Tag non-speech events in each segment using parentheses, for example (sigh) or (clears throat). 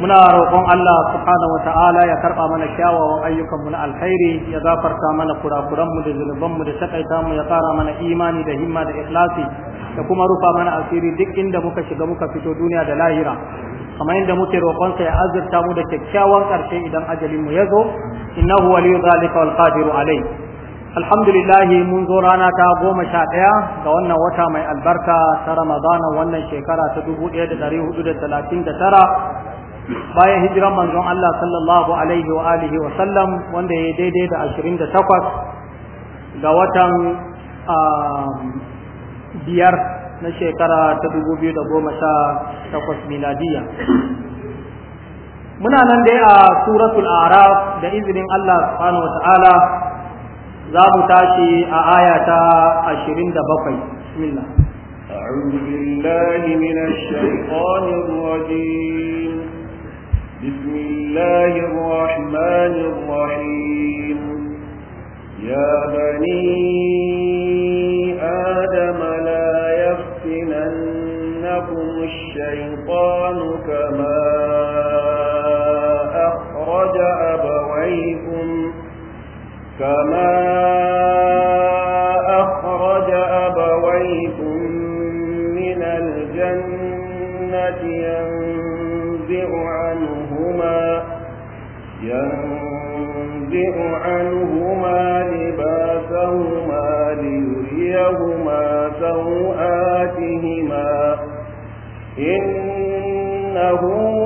muna roƙon Allah subhanahu wata'ala ya karɓa mana kyawawan ayyukanmu na alkhairi ya gafarta mana mu da zunubanmu da takaita mu ya tsara mana imani da himma da ikhlasi da kuma rufa mana asiri duk inda muka shiga muka fito duniya da lahira kamar yadda muke sa ya azurta mu da kyakkyawan ƙarshe idan ajalin mu ya zo innahu waliyu zalika wal qadiru alai alhamdulillah mun zo rana ta goma sha ɗaya ga wannan wata mai albarka ta ramadana wannan shekara ta dubu ɗaya da ɗari hudu da talatin da tara bayan hijiran manzon Allah sallallahu alaihi wa alihi wa sallam wanda ya daidai da 28 ga watan um, biyar na shekara ta 2018 miladiya muna nan dai a suratul araf da izinin Allah subhanahu wa ta'ala za mu tashi a aya ta 27 bismillah أعوذ بالله من الشيطان الرجيم بسم الله الرحمن الرحيم يا بني آدم لا يفتننكم الشيطان كما أخرج أبويكم كما أخرج أبويكم من الجنة ينزع ينبئ عنهما لباسهما ليريهما سوآتهما إنه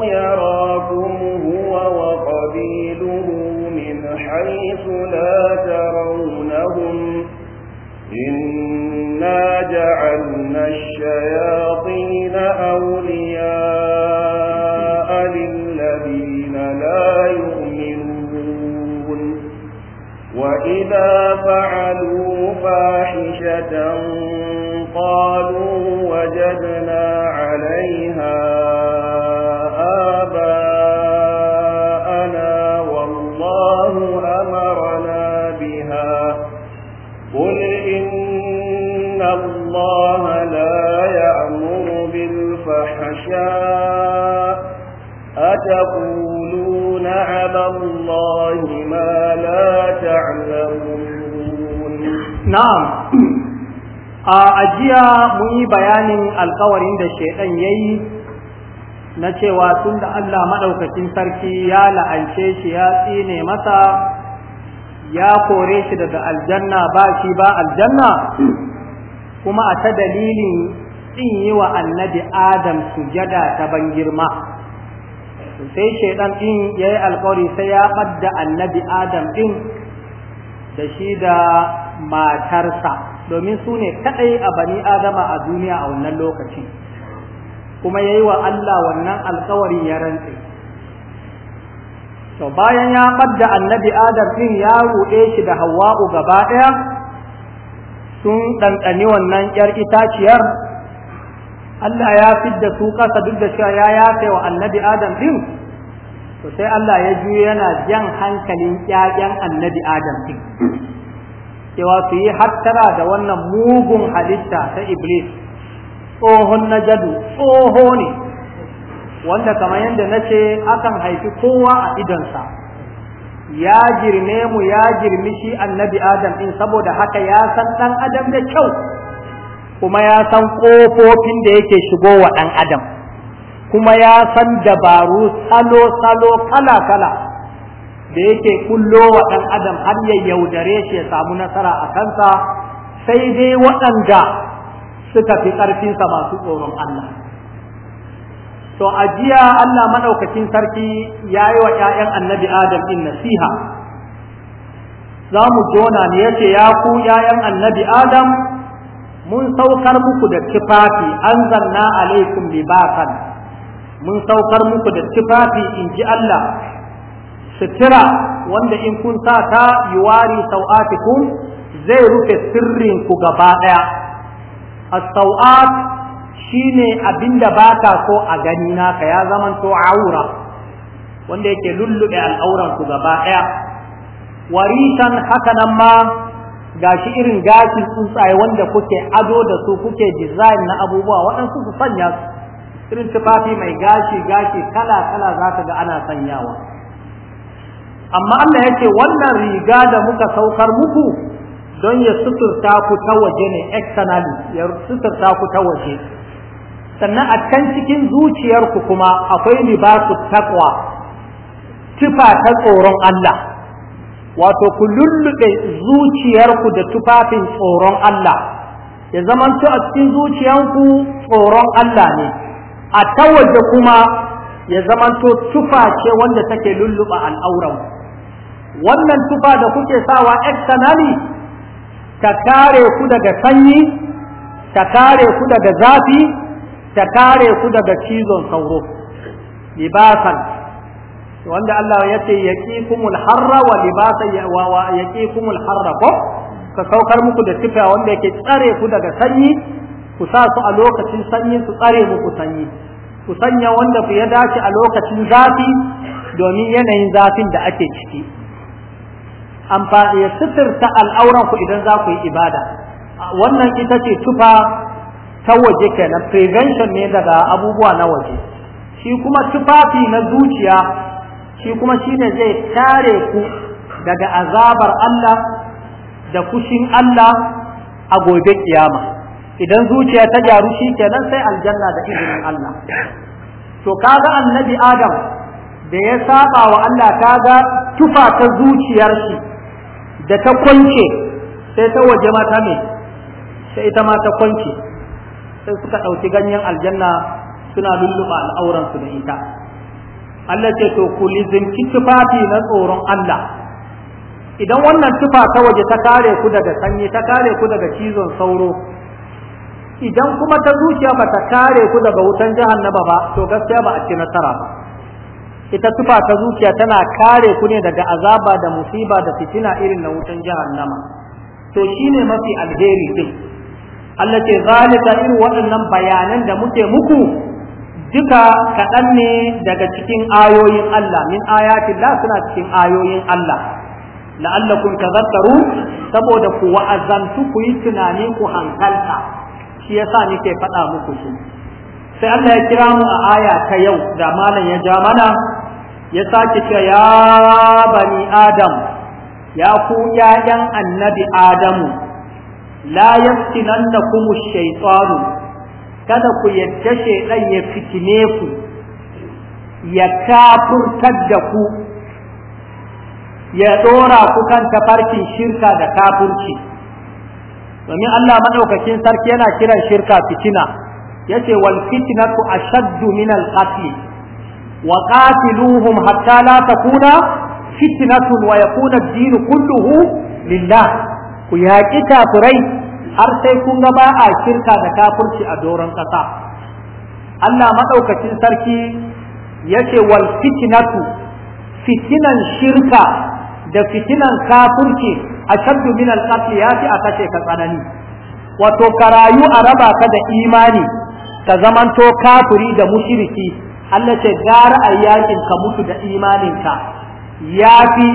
يراكم هو وقبيله من حيث لا ترونهم إنا جعلنا الشياطين أولا إذا فعلوا فاحشة قالوا وجدنا عليها آباءنا والله أمرنا بها قل إن الله لا يأمر بالفحشاء أتقولون على الله ما لا تعلمون na'am a ajiya mun yi bayanin alkawarin da shaidan ya yi na cewa tun da Allah maɗaukacin sarki ya la'ance shi ya tsine masa ya kore shi daga aljanna ba shi ba aljanna kuma a ta dalilin in yi wa annabi adam sujada ta ban girma sai shaidan ɗin ya yi alkawari sai ya ɓadda annabi adam ɗin da shi da matarsa domin su ne kadai a bani adama a duniya a wannan lokaci, kuma ya yi wa Allah wannan alkawari ya rantse to bayan ya ɓadda annabi adam ɗin, ya ruɗe shi da hawa'u gaba ɗaya sun ɗanɗani wannan ƴar itaciyar Allah ya fidda su ƙasa duk da cewa ya yafe wa annabi adam ɗin, to sai Allah ya juyo yana jan hankalin ƴaƴan annabi adam din cewa su yi hattara da wannan mugun halitta ta iblis tsohon na jadu tsoho ne wanda kamar yadda na ce akan haifi kowa a idonsa ya girme mu ya girmi shi annabi adam ɗin saboda haka ya san ɗan adam da kyau kuma ya san ƙofofin da yake shigo wa ɗan adam kuma ya san dabaru salo-salo kala-kala da yake kullo wa ɗan adam har ya yaudare shi ya samu nasara a kansa sai dai waɗanda suka fi ƙarfinsa masu tsoron Allah to a jiya Allah maɗaukacin sarki ya yi wa ‘ya'yan annabi Adam in nasiha za mu jona ne yace ya ku ‘ya'yan annabi Adam mun saukar muku da tufafi an zanna alaikum libasan mun saukar muku da tufafi in ji Allah sutura wanda in kun sa ta yuwari sau'atikum zai rufe sirrin ku gaba daya as-sau'at shine abinda baka so a gani naka ya zaman to aura wanda yake lullube al'auranku ku gaba ɗaya. warisan haka nan ma gashi irin gashin tsuntsaye wanda kuke ado da su kuke design na abubuwa waɗansu su sanya su irin tufafi mai gashi gashi kala kala za ka ga ana sanyawa amma Allah ya ce wannan riga da muka saukar muku don ya suturta ku ta waje ne externally ya suturta ku ta waje sannan a can cikin zuciyarku kuma akwai libasu taqwa tufa ta tsoron Allah wato ku lullube zuciyarku da tufafin tsoron Allah ya zamanto a cikin zuciyarku tsoron Allah ne a ta kuma ya zamanto tufa ce wanda take lulluba al'auran wannan tufa da kuke sawa externally ta kare ku daga sanyi ta kare ku daga zafi ta kare ku daga cizon sauro libasan wanda Allah ya ce yaqikumul harra wa libasan wa yaqikumul harra ko ka saukar muku da tufa wanda yake tsare ku daga sanyi ku sa su a lokacin sanyi su tsare muku sanyi ku sanya wanda ku ya dace a lokacin zafi domin yanayin zafin da ake ciki amfani ya suturta al'auran ku idan za ku yi ibada wannan ita ce tufa ta waje kenan prevention ne daga abubuwa na waje shi kuma tufafi na zuciya shi kuma shi ne zai kare ku daga azabar Allah da kushin Allah a gobe kiyama idan zuciya ta gyaru shi kenan sai aljanna da izinin Allah to kaga annabi Adam da ya saba wa Allah kaga tufa ta zuciyar shi da ta kwance sai ta waje mata ne, sai ita ma ta kwance sai suka ɗauki ganyen aljanna suna lulluɓa al'auransu da ita Allah ce to ku lizinci tufafi na tsoron Allah idan wannan tufa ta waje ta kare ku daga sanyi ta kare ku daga cizon sauro idan kuma ta zuciya ba ta kare ku daga wutan jahannama ba to gaskiya ba a ci nasara ba ita tufa ta zuciya tana kare ku ne daga azaba da musiba da fitina irin na wutan jahannama to shine mafi alheri din Allah ce zalika irin waɗannan bayanan da muke muku duka kaɗan ne daga cikin ayoyin Allah min ayati la suna cikin ayoyin Allah la'allakum tadhakkaru saboda ku wa'azantu ku yi tunani ku hankalta shi yasa nake faɗa muku shi sai Allah ya kira mu a aya ta yau da malam ya ja mana ya sake cewa ya bani adam ya ku ƴaƴan annabi adamu la yaftinannakum ash-shaytan kada ku yadda shaytan ya fitine ku ya kafurtar da ku ya dora ku kan tafarkin shirka da kafurci domin Allah madaukakin sarki yana kiran shirka fitina yace wal fitnatu ashaddu min al qatl wa qatiluhum hatta la takuna fitnatun wa yakuna ad-din kulluhu lillah ku yaƙi kafirai har sai kun ga ba a shirka da kafirci a doron ƙasa Allah madaukakin sarki yace wal fitnatu fitinan shirka da fitinan kafirci ashaddu min al-qatl yafi a kashe ka tsanani wato karayu a raba ka da imani ka zamanto kafuri da mushriki Allah ce gara a yakin ka mutu da imaninka ya fi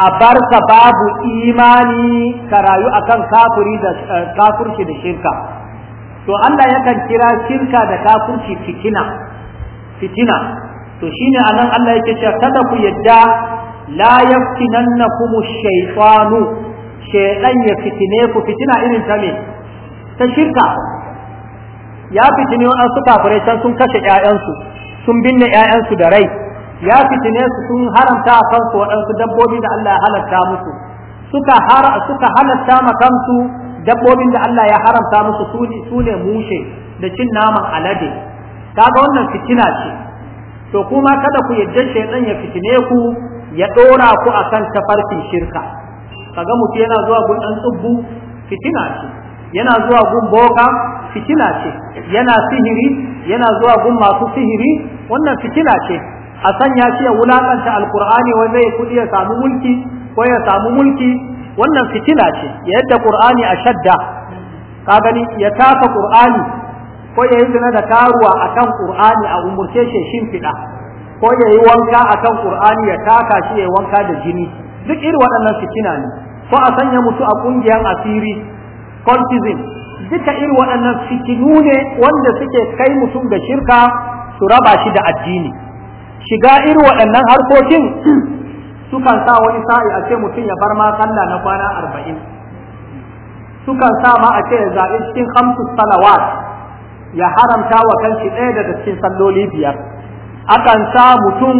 a barka babu imani ka rayu akan kafuri da eh, da shirka to Allah yakan kira shirka da kafirci fitina fitina to shine anan Allah yake cewa kada ku yadda la yaftinannakum ash-shaytanu shaytan ya fitine ku fitina irin ta me ta shirka ya fitini an su kafirai can sun kashe ƴaƴansu sun binne ƴaƴansu da rai ya fitine su sun haramta a kansu waɗansu dabbobi da Allah ya halatta musu suka har suka halatta ma kansu dabbobin da Allah ya haramta musu su ne mushe da cin naman alade kaga wannan fitina ce to kuma kada ku yadda shaytan ya fitine ku ya ɗora ku akan tafarkin shirka kaga mutum yana zuwa gun dan tsubbu fitina ce yana zuwa gun boka fitina ce yana sihiri yana zuwa gun masu sihiri wannan fitina ce a sanya shi ya wulakanta alkur'ani wai zai kudi ya samu mulki ko ya samu mulki wannan fitina ce yadda qur'ani a shadda ka gani ya tafa qur'ani ko ya yi zina da karuwa akan qur'ani a umurce shi shimfiɗa ko ya yi wanka akan qur'ani ya taka shi ya yi wanka da jini duk irin waɗannan fitina ne ko a sanya mutu a ƙungiyar asiri cultism duka iri waɗannan fitinu ne wanda suke kai mutum da shirka su raba shi da addini shiga iri waɗannan harkokin (clears throat) sukan sa wani sa'i a ce mutum ya bar ma sallah na kwana arba'in sukan sa ma a ce ya zaɓi cikin hamsu salawat ya haramta wa kanshi ɗaya daga cikin salloli biyar akan sa mutum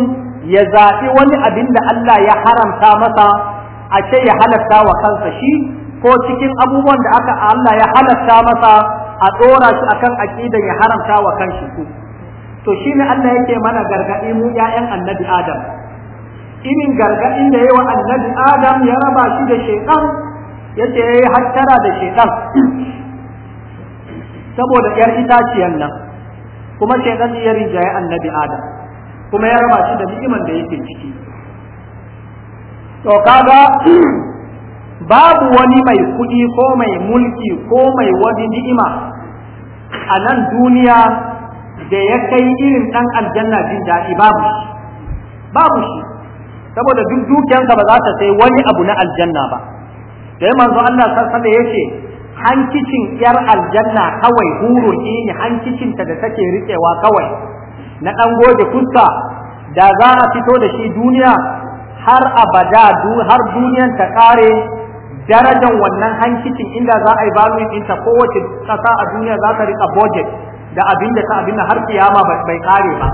ya zaɓi wani abin da Allah ya haramta masa a ce ya halarta wa kansa shi ko cikin abubuwan da aka Allah ya halatta masa a dora shi akan aƙidan ya haramta wa kanshi ku. to shine Allah yake mana gargadi mu ƴaƴan Annabi Adam Imin gargadin da yawa Annabi Adam ya raba shi da shaytan yace yayi hattara da shaytan saboda yar itaciyan nan kuma shaytan ya rinjaye Annabi Adam kuma ya raba shi da ni'iman da yake ciki to kaga babu wani mai kuɗi ko mai mulki ko mai wani ni'ima a nan duniya da ya kai irin ɗan aljanna jin daɗi babu shi babu shi saboda duk dukiyansa ba za ta sai wani abu na aljanna ba da manzo Allah sassa da yace hankicin yar aljanna kawai hurun ne hankicinta da take riƙewa kawai na ɗan goge fuska da za a fito da shi duniya har abada har duniyar ta ƙare darajar wannan hankicin inda za a yi valuing ɗinta kowace ƙasa a duniya za ta rika budget da abin da ta abin da har kiyama bai kare ba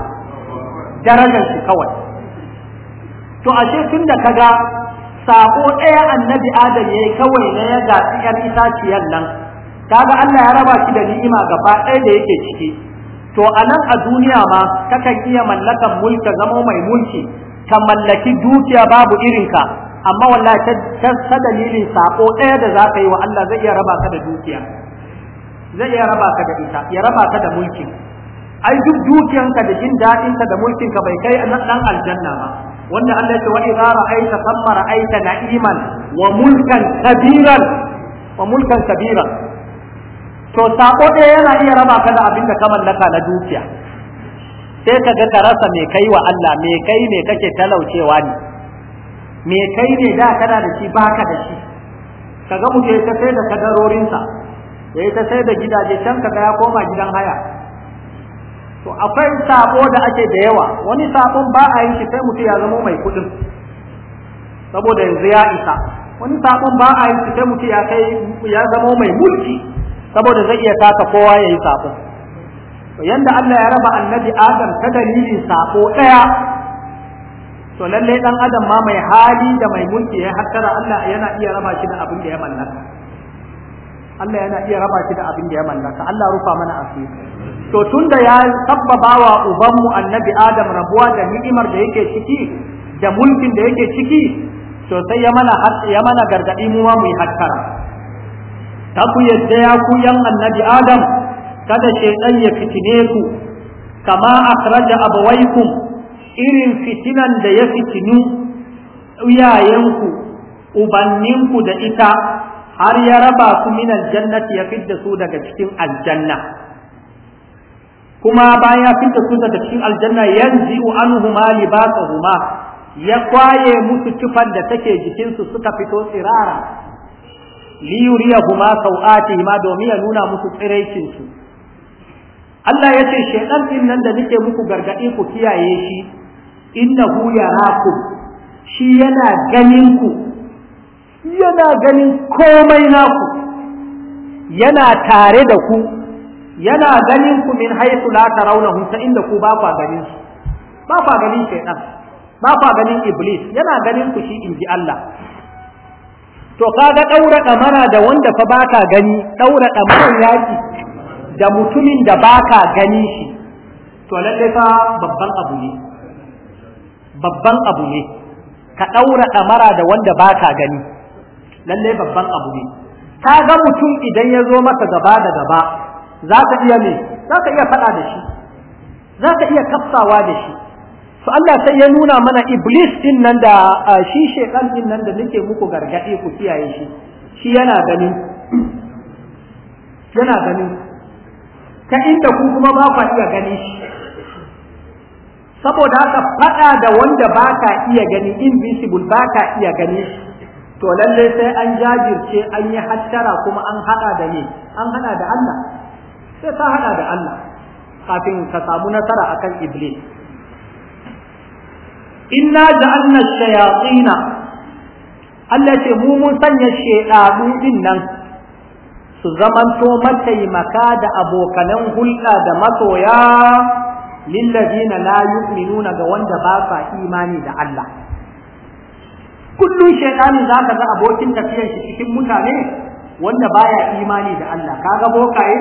darajar shi kawai to ce tun da kaga sako ɗaya annabi adam yayi kawai na ya gaci ƴan itaciyar nan kaga Allah ya raba shi da ni'ima gaba ɗaya da yake ciki to a nan a duniya ma kakan iya mallakan mulki zama mai mulki ka mallaki dukiya babu irinka amma wallahi ta ta dalilin sako ɗaya da za ka yi wa Allah zai iya raba ka da dukiya zai iya raba ka da ita ya raba ka da mulkin ai duk dukiyanka da jin daɗinka da mulkin ka bai kai ɗan aljanna ba wanda Allah ya ce wa idza ra'aita thamma ra'aita na'iman wa mulkan kabiran wa mulkan kabiran to sako ɗaya yana iya raba ka da abin da ka mallaka na dukiya sai ka ga ka rasa me kai wa Allah me kai ne kake talaucewa ne me kai ne da kana da shi baka da shi kaga mu je ta sai da sa yayi ta sai da gidaje can kaga ya koma gidan haya to akwai sabo da ake da yawa wani sabon ba a yi shi sai mutum ya zama mai kudin saboda yanzu ya isa wani sabon ba a yi shi sai mutum ya kai ya zama mai mulki saboda zai iya taka kowa ya yi sabon to yanda Allah ya raba annabi Adam ta dalilin sabo daya to lalle dan adam ma mai hali da mai mulki ya hakkara Allah yana iya raba shi da abin da ya mallaka Allah yana iya raba shi da abin da ya mallaka Allah rufa mana asiri to tunda ya sabbaba wa ubanmu annabi Adam rabuwa da ni'imar da yake ciki da mulkin da yake ciki to sai ya mana ya mana gargadi mu mu yi hakkara ta ku yadda ya ku yan annabi Adam kada shaytan ya fitine ku kama akhraja abawaykum irin fitinan da ya fitinu iyayenku ubanninku da ita har ya raba ku min aljannati ya fidda su daga cikin aljanna kuma bayan ya fidda su daga cikin aljanna yanzu anhuma huma, ya kwaye musu tufan da take jikinsu suka fito tsirara liyuriyahuma sau'atihima domin ya nuna musu tsiraicinsu Allah ya ce shaidan din nan da nake muku gargaɗi ku kiyaye shi innahu yarakum shi yana ganin ku yana ganin komai naku yana tare da ku yana ganin ku min haythu la tarawnahu ta inda ku ba ku ganin shi ba ku ganin shaytan ba ku ganin iblis yana ganin ku shi inji Allah to kaga daura damana da wanda fa baka gani daura kamar yaki da mutumin da baka gani shi to lalle fa babban abu ne babban abu ne ka ɗaura ɗamara da wanda ba ka gani lalle babban abu ne ka ga mutum idan ya zo maka gaba da gaba za ka iya me za ka iya faɗa da shi za ka iya kafsawa da shi su Allah sai ya nuna mana iblis din nan da shi shekan din nan da nake muku gargaɗe ku kiyaye shi shi yana gani yana gani ta inda ku kuma ba ku iya gani shi saboda haka faɗa da wanda baka iya gani invisible baka iya gani to lallai sai an jajirce an yi hattara kuma an haɗa da ne an haɗa da Allah sai ka haɗa da Allah kafin ka samu nasara akan iblis inna ja'alna shayatina Allah ce mu mun sanya shedadu din nan su zamanto mataimaka da abokanan hulɗa da masoya lillazina la yu'minuna ga wanda ba sa imani da Allah kullun za ka ga abokin tafiyar shi cikin mutane wanda baya imani da Allah kaga bokaye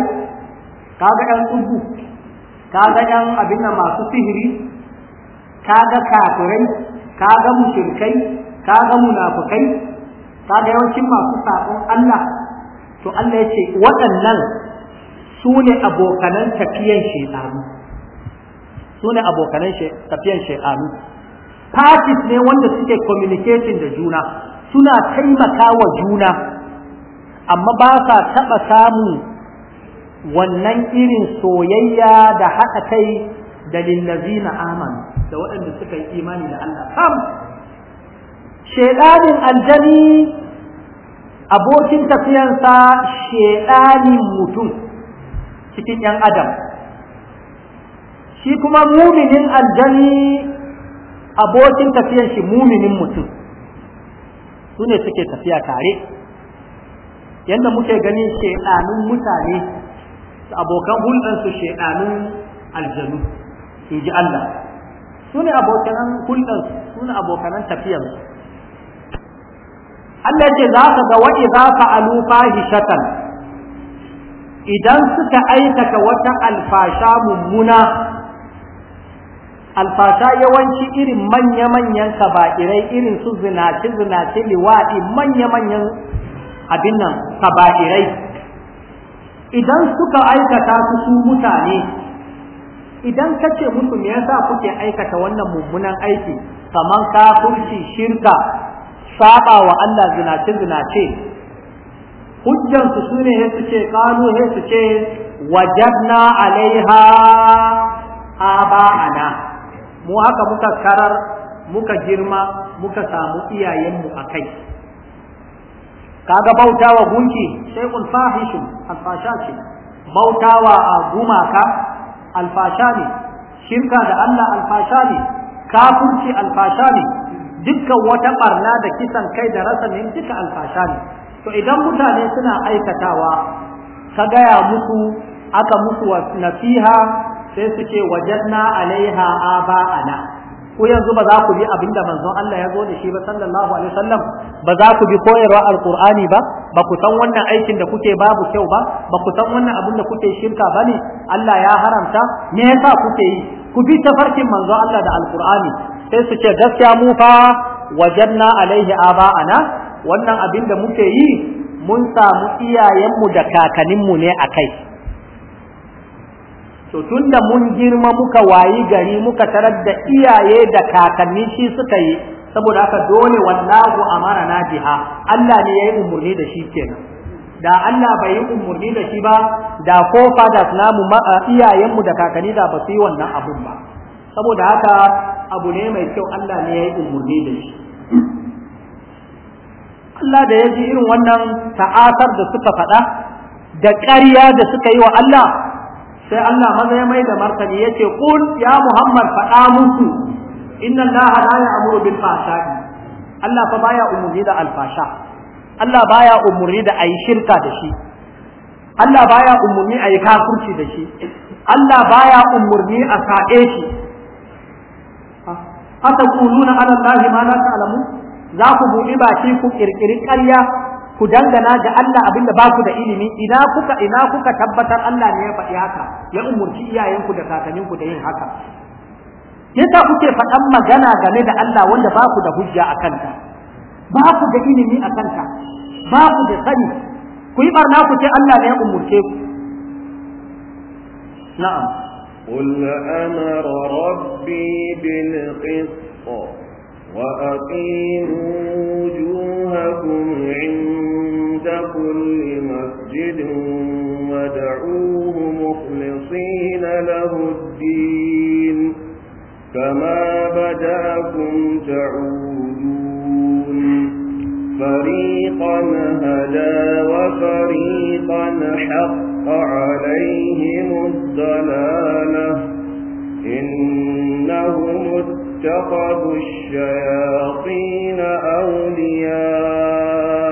kaga ɗan tsubu kaga ɗan abin nan masu sihiri kaga kafirai kaga mushrikai kaga munafukai kaga yawancin masu sabon Allah to Allah ya ce waɗannan su ne abokanan tafiyan shaytani su ne abokanan tafiyan shaidanu parties ne wanda suke communicating da juna suna taimaka wa juna amma ba sa taɓa samun wannan irin soyayya da haɗa kai da lillazina aman da waɗanda suka yi imani da Allah sam shedanin aljani abokin tafiyansa shedanin mutum cikin ‘yan adam’ shi kuma muminin aljani abokin tafiyan shi muminin mutum su ne suke tafiya tare yadda muke ganin shaidanun mutane su abokan hulɗarsu shaidanun aljanu in ji Allah su ne abokanan hulɗarsu su ne abokanan tafiyarsu Allah ce za ka ga wa'i za ka alufa hishatan idan suka aikata wata alfasha mummuna alfasha yawanci irin manya-manyan kaba'irai irin su zinace-zinace liwaɗi manya-manyan abin nan kaba'irai idan suka aikata su su mutane idan ka ce musu me yasa kuke aikata wannan mummunan aiki kamar kafirci shirka saba wa Allah zinace-zinace hujjansu su ne su ce kanu su ce wajadna alaiha aba'ana mu haka muka karar muka girma muka samu iyayenmu a kai kaga bautawa gunki sai kun fahishu alfasha ce bautawa a gumaka alfasha ne shirka da Allah alfasha ne kafirci alfasha ne dukkan wata barna da kisan kai da rasa ne duka alfasha ne to idan mutane suna aikatawa ka gaya musu aka musu nasiha sai su ce wajadna alaiha aba'ana ko yanzu ba za ku bi abinda manzon Allah ya zo da shi ba sallallahu alaihi wasallam ba za ku bi koyarwa alqur'ani ba ba ku san wannan aikin da kuke babu kyau ba ba ku san wannan abin da kuke shirka bane Allah ya haramta me yasa kuke yi ku bi tafarkin manzon Allah da alqur'ani sai su ce gaskiya mu fa wajadna alaihi aba'ana wannan abin da muke yi mun samu iyayenmu da kakanninmu ne a kai to tunda mun girma muka wayi gari muka tarar da iyaye da kakanni shi suka yi saboda haka dole wallahu amara na biha Allah ne yayi umurni da shi kenan da Allah bai yi umurni da shi ba da ko fathers namu iyayenmu da kakanni da ba su yi wannan abun ba saboda haka abu ne mai kyau Allah ne yayi umurni da shi Allah da ya ji irin wannan ta'asar da suka faɗa da ƙarya da suka yi wa Allah sai Allah maza ya mai da martani yace qul ya Muhammad faɗa musu inna Allah la ya'muru bil fahsha'i Allah fa baya umurni da alfasha Allah baya umurni da ayi shirka da shi Allah baya umurni ayi kafirci da shi Allah baya umurni a sa'e shi haka kuluna ala Allah ma la ta'lamu za ku buɗi baki ku kirkiri ƙarya ku dangana ga Allah abinda ba ku da ilimi ina kuka ina kuka tabbatar Allah ne ya faɗi haka ya umurci iyayenku da kakanninku da yin haka yasa kuke faɗan magana game da Allah wanda ba ku da hujja a kanta ba ku da ilimi a kanta ba ku da sani ku yi barna ku ce Allah ne ya umurce ku na'am قل أمر ربي بالقسط وأقيموا وجوهكم عند عند كل مسجد ودعوه مخلصين له الدين كما بدأكم تعودون فريقا هدى وفريقا حق عليهم الضلالة إنهم اتخذوا الشياطين أولياء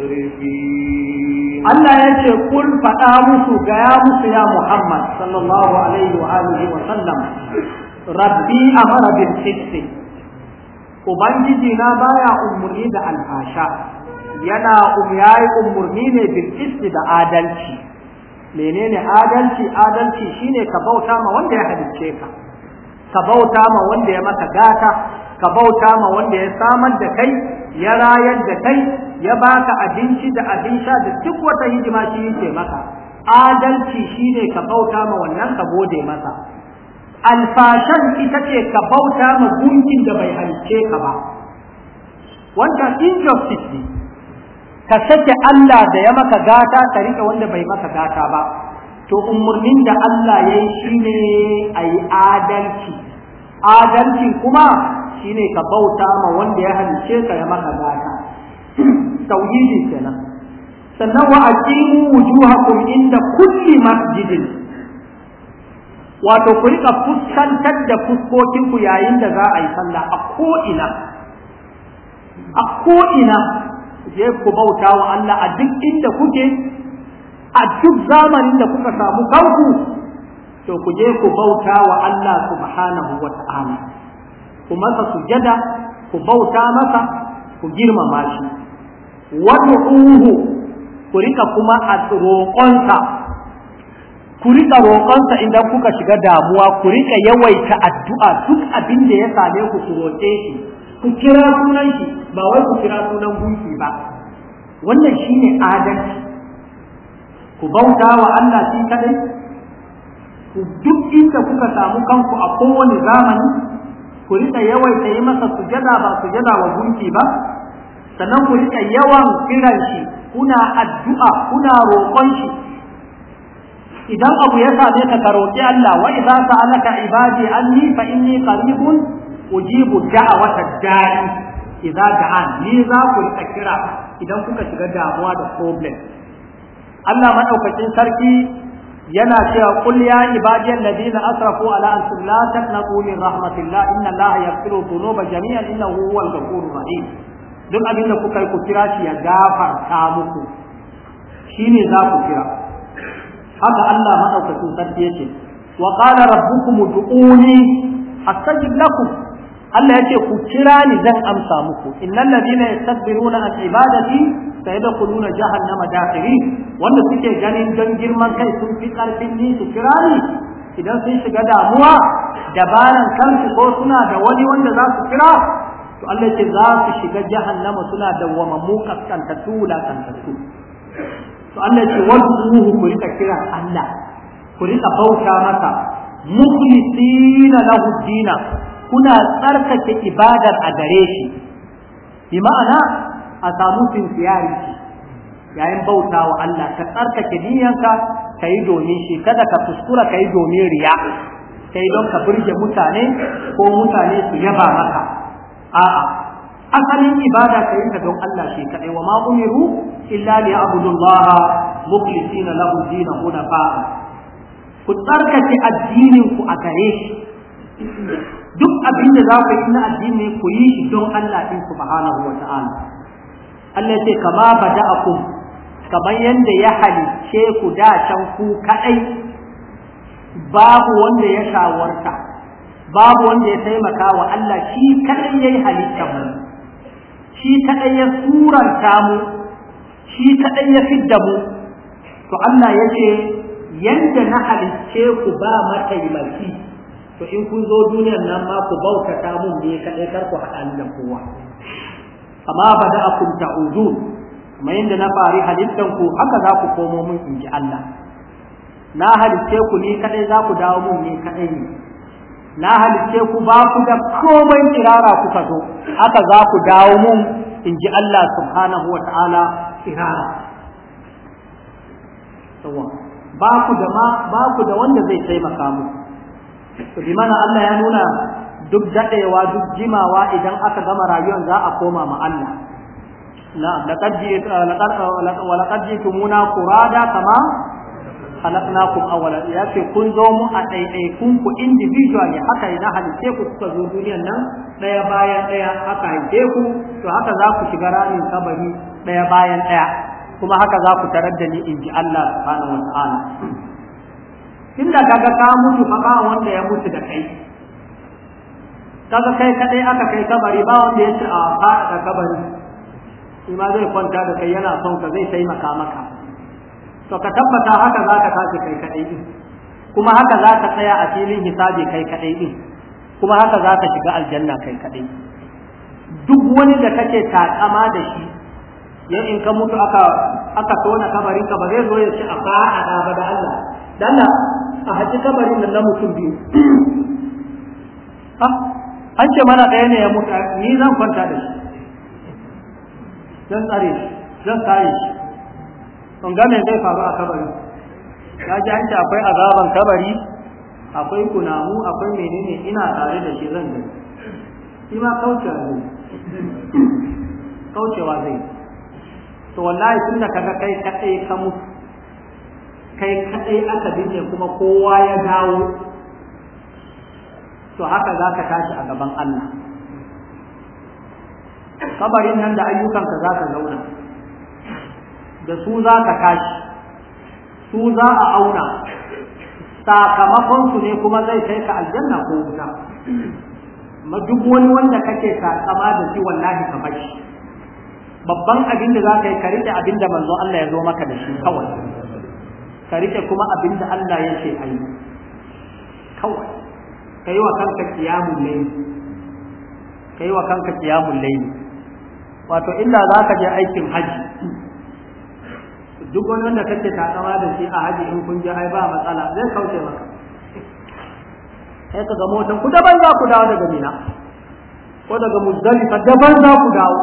Allah ya ce kun faɗa musu gaya musu ya Muhammad sallallahu alaihi wa alihi wa sallam rabbi amara bil qisti ubangiji na baya umurni da alhasha yana umyayi umurni ne bil da adalci menene adalci adalci shine ka bauta ma wanda ya halicce ka ka bauta ma wanda ya maka gata ka bauta ma wanda ya samar da kai ya rayar da kai ya baka abinci da abin sha da duk wata hidima shi yake maka adalci shine ka bauta ma wannan ka gode masa alfashan ita ce ka bauta ma gunkin da bai halice ka ba wannan injustice ne ka sake Allah da ya maka gata ka rika wanda bai maka gata ba to umurnin da Allah ya yi shine ayi adalci adalci kuma shine ka bauta ma wanda ya halice ka ya maka baka (clears throat) tauhidi kenan sannan wa aqimu wujuhakum inda kulli masjidin wato ku rika fuskantar da fuskokin ku yayin da za a yi sallah a ko ina a ko ina je ku bauta wa Allah a duk inda kuke a duk zamanin da kuka samu kanku to ku je ku bauta wa Allah subhanahu wa ta'ala ku masa sujada ku bauta masa ku girmama shi wad'uhu ku rika kuma a roƙonsa ku rika roƙonsa idan kuka shiga damuwa ku rika yawaita addu'a duk abin da ya same ku ku roƙe shi ku kira sunan shi ba wai ku kira sunan gunki ba wannan shine adalci ku bauta wa Allah shi kadai duk inda kuka samu kanku a kowane zamani ku rika yawaita yi masa sujada ba sujada wa gunki ba sannan ku rika yawan kiran shi kuna addu'a kuna roƙon shi idan abu ya same ka ka roƙi Allah wa idza sa'alaka ibadi anni fa inni qaribun ujibu da'wata da'i idza da'an ni za ku rika kira idan kuka shiga damuwa da problem Allah madaukakin sarki yana cewa qul ya ibadiyal ladina asrafu ala anfusihim la taqnatu min rahmatillah inna allaha yaghfiru dhunuba jami'an innahu huwal ghafurur rahim duk abin da kuka yi ku kira shi ya gafarta muku shine za ku kira haka Allah madaukakin sarki yake wa qala rabbukum ud'uni astajib lakum Allah yace ku kira ni zan amsa muku innal ladina yastakbiruna an ibadati sai da kuluna jahannama dakiri wanda suke ganin don girman kai sun fi karfin ni su kira ni idan sun shiga damuwa dabaran kansu ko suna da wani wanda za su kira to Allah ce za su shiga jahannama suna da wamammu kaskantattu wulakantattu to Allah ce wadduhu ku rika kira Allah ku rika bauta masa mukhlisina lahu dina kuna tsarkake ibadar a gare shi bi ma'ana a samu sincerity yayin bauta wa Allah ka tsarkake niyyanka ka yi domin shi kada ka kuskura ka yi domin riya ka yi don ka burge mutane ko mutane su yaba maka a'a asalin ibada ka yi ta don Allah shi kaɗai wa ma umiru illa li abudullah mukhlisina lahu dinahu nafa'a ku tsarkake addinin ku a gare shi duk abin da za ku yi na addini ku yi shi don Allah din subhanahu wa ta'ala Allah ya ce kama bada'akum kamar yadda ya halice ku da can ku kadai babu wanda ya shawarta babu wanda ya taimaka wa Allah shi kadai yayi halitta mu shi kadai ya suranta mu shi kadai ya fidda mu to Allah ya ce yadda na halicce ku ba mataimaki to in kun zo duniyar nan ma ku bautata mun ne kadai kar ku haɗa da kowa kama bada akum ta'udun kamar yadda na fari halittan ku haka za ku komo mun in ji Allah na halitte ku ni kadai za ku dawo mun ni kadai ne na halitte ku ba ku da komai kirara ka zo haka za ku dawo mun in ji Allah subhanahu wa ta'ala kirara ba ku da ma ba ku da wanda zai taimaka mu to bi mana Allah ya nuna duk daɗewa duk jimawa idan aka gama rayuwar za a koma ma Allah laqad jitumuna qurada kama kum awala ya ce kun zo mu a ɗaiɗaikun ku individually haka ina halitte ku suka zo duniyan nan ɗaya bayan ɗaya haka haife ku to haka za ku shiga ramin kabari ɗaya bayan ɗaya kuma haka za ku tarar da ni in ji Allah subhanahu wa ta'ala kaga ka mutu fa ba wanda ya mutu da kai kaga kai kadai aka kai kabari ba wanda ya ci a faɗaɗa kabari shi zai kwanta da kai yana son ka zai taimaka maka to ka tabbata haka za ka tashi kai kadai din kuma haka za ka tsaya a filin hisabi kai kadai din kuma haka za ka shiga aljanna kai kadai duk wani da kake takama da shi yan in ka mutu aka aka tona kabarin ka ba zai zo ya ci a ba da Allah dan a haji kabarin nan na mutum biyu (coughs) ah, an ce mana ɗaya ne ya mutu ni zan kwanta da shi zan tsare shi zan kare shi ga me zai faru a kabari ya ji an ce akwai azaban kabari akwai kunamu akwai menene ina tare da shi zan gani shi ma kaucewa zai kaucewa zai to wallahi suna kaga kai kaɗai ka mutu kai kaɗai aka dinne kuma kowa ya dawo to haka za ka tashi a gaban Allah kabarin nan da ayyukanka za ka zauna da su za ka tashi su za a auna sakamakonsu ne kuma zai kai ka aljanna ko wuta duk wani wanda kake sakama da shi wallahi ka bashi babban abin da za ka yi ka rike abin da manzo Allah ya zo maka da shi kawai ka rike kuma abin da Allah ya ce ayi kawai yi wa kanka qiyamul ka yi wa kanka qiyamul layl wato inda zaka je aikin haji duk wani wanda kake takama da shi a haji in kun je ai ba matsala zai kauce maka sai ka ga motan ku daban za ku dawo daga mina ko daga muzdalifa daban za ku dawo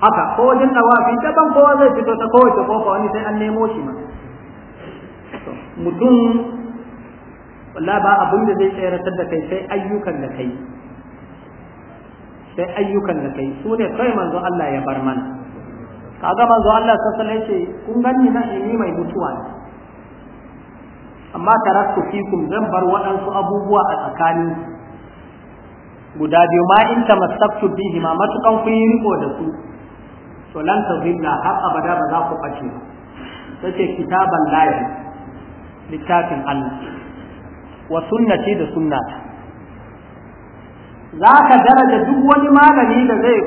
haka ko wajen tawafi daban kowa zai fito ta kowace kofa wani sai an nemo shi ma mutum wallahi ba abin da zai tsayaratar da kai sai ayyukan da kai sai ayyukan da kai su ne kai manzo Allah ya bar mana kaga manzo Allah sallallahu alaihi wasallam kun ganni na ni mai mutuwa amma taraktu fikum zan bar waɗansu abubuwa a tsakanin guda biyu ma in ta tamassaktu bihi ma matukan kun yi riko da su to lan tazilla har abada ba za ku ɓace, ba sai kitaban lahi littafin Allah wa sunnati da sunnata za ka daraja duk wani magani da zai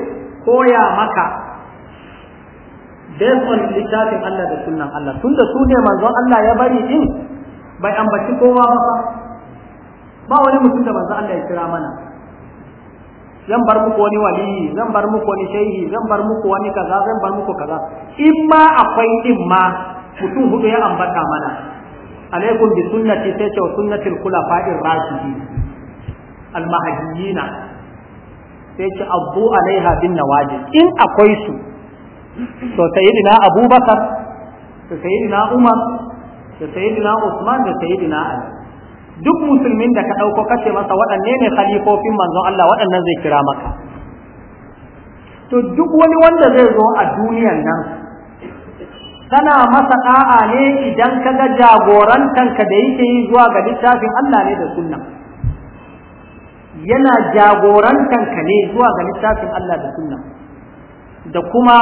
koya maka based littafin Allah da sunnan Allah Tun da su ne manzon Allah ya bari din bai ambaci kowa ba ba wani mutum da manzon Allah ya kira mana zan bar muku wani waliyi zan bar muku wani shehi zan bar muku wani kaza zan bar muku kaza in ma akwai din ma mutum hudu ya ambata mana alaikum bi sunnati sai ce wa sunnatil khulafa'ir rashidin al mahdiyina sai ce abu alaiha bin nawajib in akwai su to sayyidina abubakar umar da usman da ali duk musulmin da ka ɗauko kace masa waɗanne ne khalifofin manzon Allah waɗannan zai kira maka to duk wani wanda zai zo a duniyan nan kana masa da'a ne idan ka ga jagorantanka da yake yi zuwa ga littafin Allah ne da sunna yana jagorantanka ne zuwa ga littafin Allah da sunna da kuma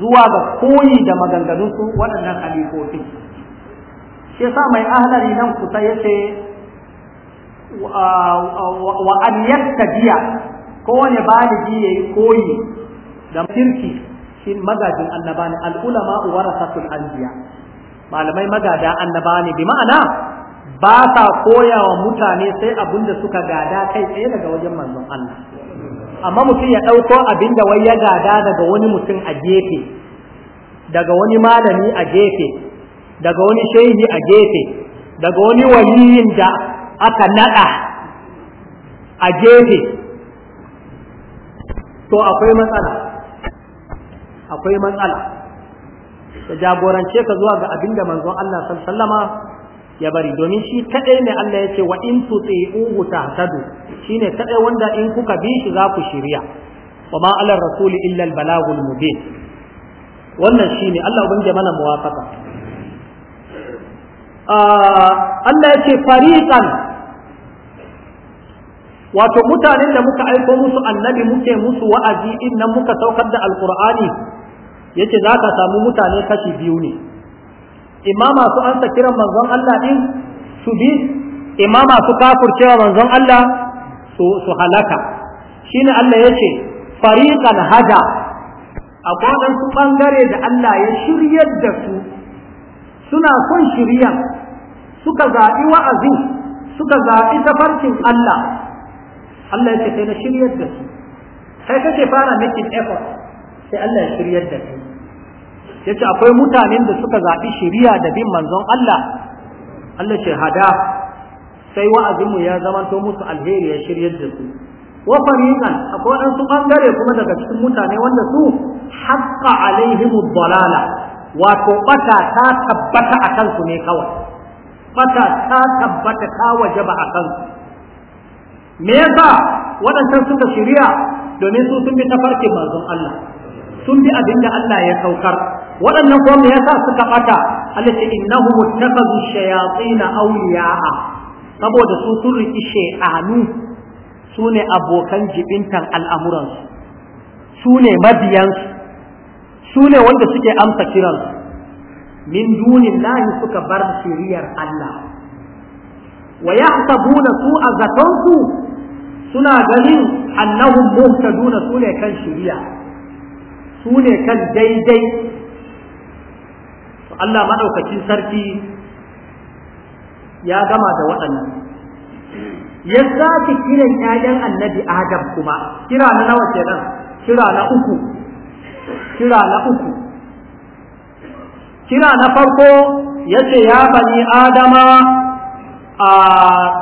zuwa ga koyi da maganganunsu waɗannan halifofin shi sa mai ahlari nan kusa yace wa an yattabiya kowane baligi yayi koyi da kirki shin magajin annaba ne al'ulama warasatul anbiya malamai magada annaba ne bi ma'ana ba sa koya wa mutane sai abin da suka gada kai tsaye daga wajen manzon Allah amma mutum ya ɗauko abin da wai ya gada daga wani mutum a gefe daga wani malami a gefe daga wani shehi a gefe daga wani waliyin da aka naɗa a gefe to akwai matsala akwai matsala da jagorance ka zuwa ga abinda manzon Allah sallama ya bari domin shi kadai ne Allah yace wa in tuti'uhu tahtadu shine kadai wanda in kuka bi shi za ku shirya wa ma ala rasul illa al balagul mubin wannan shine Allah ubangiji mana muwafaqa ah, Allah ya fariqan wato mutanen da muka aiko musu annabi muke musu wa'azi innan muka saukar da alkur'ani yace za ka samu mutane kashi biyu ne imama su ansa kiran manzon Allah din su bi imama su kafurcewa manzon Allah su halaka shine Allah yace fariqan hada akwai wadansu bangare da Allah ya shiryar da su suna son shirya suka zaɓi wa'azi suka zaɓi tafarkin Allah Allah ya ce na shiryar da su kai kake fara making effort sai Allah ya shiryar da kai yace akwai mutanen da suka zaɓi shiriya da bin manzon Allah Allah ce hada sai wa'azinmu ya zamanto musu alheri ya shiryar da su wa fariqan akwai wadansu bangare kuma daga cikin mutane wanda su haqqa alaihim ad-dalala wato bata ta tabbata akan su ne kawai bata ta tabbata ta wajaba akan su me yasa waɗancan suka shirya domin su sun bi tafarkin manzon Allah sun bi abin da Allah ya saukar waɗannan kuma me yasa suka bata Allah ce innahu muttakhadhu shayatin awliya'a saboda su sun riki shay'anu sune abokan jibintan al'amuransu su ne mabiyansu su wanda suke amsa kiransu min dunin lahi suka bar shiriyar Allah wa yahsabuna su a zatonku suna ganin annahum muhtaduna su ne kan shiriya su ne kan daidai Allah maɗaukakin sarki ya gama da waɗannan ya sake kiran ƴaƴan annabi Adam kuma kira na nawa kenan kira na uku kira na uku kira na farko yace ya bani Adama a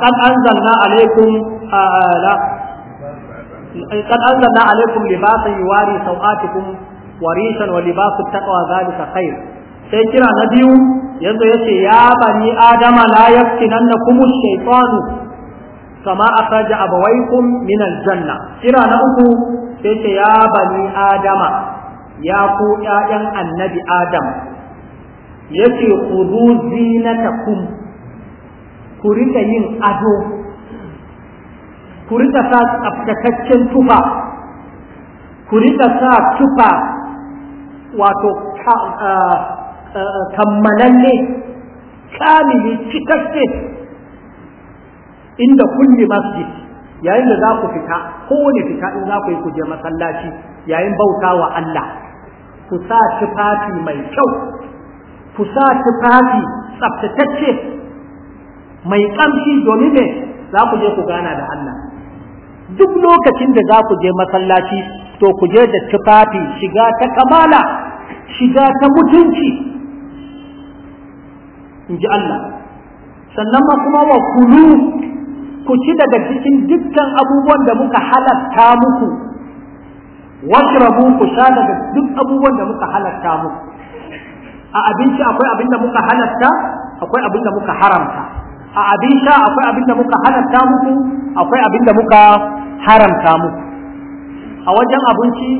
kan anzalna alaikum قد أنزلنا عليكم لباسا wa سوآتكم وريشا ولباس التقوى ذلك خير sai kira na biyu yanzu yace ya bani adama la yaftinannakum ash-shaytanu kama akhraja abawaykum min al-janna kira na uku sai ce ya bani adama ya ku ƴaƴan annabi adam yace khudhu zinatakum ku rika yin ado ku rika sa tsaftataccen tufa ku rika sa tufa wato kammalalle kamili cikakke inda kulli masjid yayin da za ku fita kowane fita in za ku yi kuje masallaci yayin bauta wa Allah ku sa tufafi mai kyau ku sa tufafi tsaftatacce mai kamshi domin ne za ku je ku gana da Allah duk lokacin da za ku je masallaci to ku je da tufafi shiga ta kamala shiga ta mutunci in ji Allah sannan ma kuma wa kulu ku ci daga cikin dukkan abubuwan da muka halatta muku washrabu ku sha daga duk abubuwan da muka halatta muku a abinci akwai abin da muka halatta akwai abin da muka haramta a abin sha akwai abin da muka halatta muku akwai abin da muka haramta muku a wajen abinci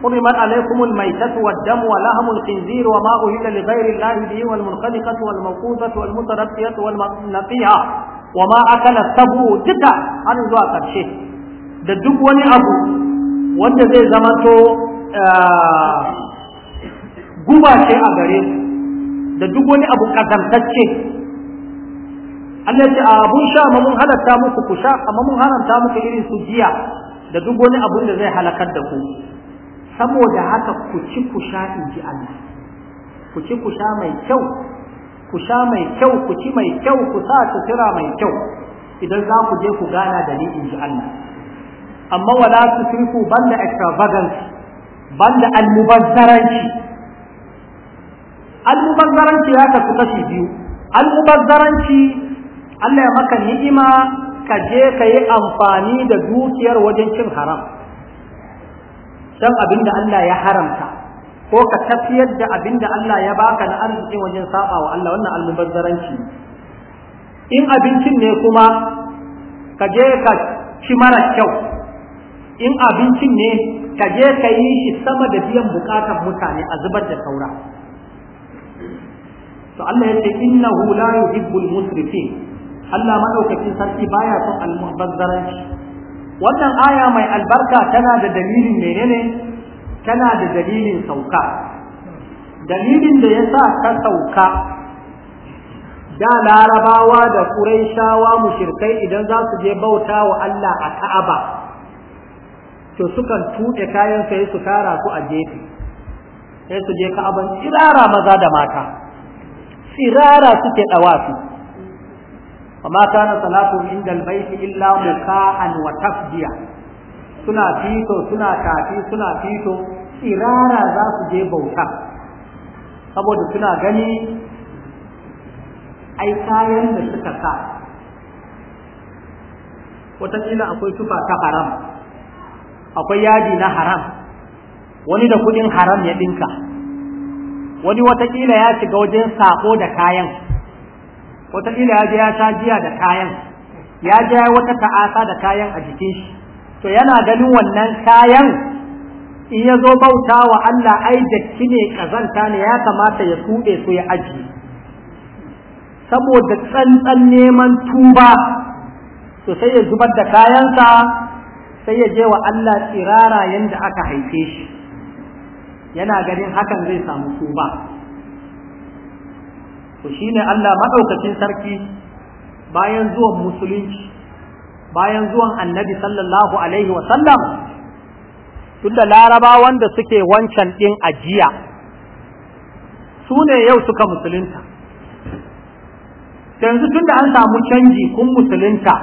حرمت عليكم الميتة والدم ولحم الخنزير وما أهل لغير الله به والمنخلقة والموقوذة والمتربية والنقيعة وما أكل السبع duka an zuwa ƙarshe da duk wani abu wanda zai zamanto guba ce a gare da duk wani abu Allah ya ce abun sha ma mun halatta muku ku sha amma mun haramta muku irin su giya da duk wani abun da zai halakar da ku saboda haka ku ci ku sha in ji Allah ku ci ku sha mai kyau ku sha mai kyau ku ci mai kyau ku sa sutura mai kyau idan za ku je ku gana da ni in ji Allah amma wala tusrifu banda extravagance banda almubazzaranci almubazzaranci ya kasu kashi biyu almubazzaranci Allah ya maka ni'ima ka je ka yi amfani da dukiyar wajen cin haram shan abin da Allah ya haramta ko ka tafiyar da abin da Allah ya baka na arziki wajen saba wa Allah wannan almubazzaranci in abincin ne kuma ka je ka ci mara kyau in abincin ne ka je ka yi shi sama da biyan bukatar mutane a zubar da saura to Allah ya ce innahu la yuhibbul musrifin Allah maɗaukacin sarki baya son almubazzaranci wannan aya mai albarka tana da dalilin menene tana da dalilin sauka dalilin da ya sa ta sauka da larabawa da quraishawa mushirkai idan za su je bauta wa Allah a Ka'aba to sukan tuɗe kayan sai su tara su a gefe sai su je Ka'aban tsirara maza da mata tsirara suke dawafi amma kana salatu inda albayti illa muka'an wa tafjiya suna fito suna tafi suna fito tsirara za su je bauta saboda suna gani ai kayan da suka sa wataƙila akwai tufa ta haram akwai yadi na haram wani da kudin haram ya dinka wani wataƙila ya shiga wajen sako da kayan wataƙila ya je ya jiya da kayan ya je wata ta'asa da kayan a jikin shi to yana ganin wannan kayan in ya zo bauta wa Allah ai da ne kazanta ne ya kamata ya tuɗe su ya aji saboda tsantsan neman tuba to sai ya zubar da kayansa sai ya je wa Allah tsirara yadda aka haife shi yana ganin hakan zai samu tuba to shi ne Allah maɗaukacin sarki bayan zuwan musulunci bayan zuwan annabi sallallahu alaihi wa sallam da laraba wanda suke wancan ɗin ajiya su ne yau suka musulunta yanzu tun da an samu canji kun musulunta